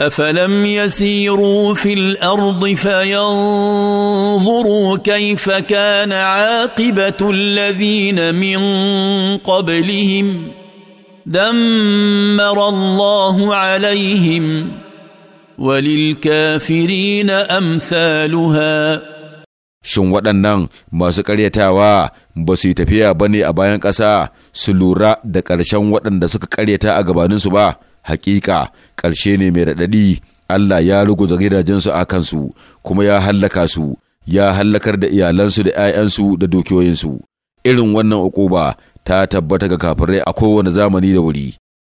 افلم يسيروا في الارض فينظروا كيف كان عاقبه الذين من قبلهم دمر الله عليهم وللكافرين امثالها Shin waɗannan masu ƙaryatawa ba su yi tafiya ba ne a bayan ƙasa su lura da ƙarshen waɗanda suka ƙaryata a gabaninsu ba, hakika ƙarshe ne mai raɗaɗi Allah ya ruguza gidajensu a kansu kuma ya hallaka su ya hallakar da iyalansu da 'ya'yansu da dukiyoyinsu irin wannan uquba ta tabbata ga kafin rai a kowane zamani da wuri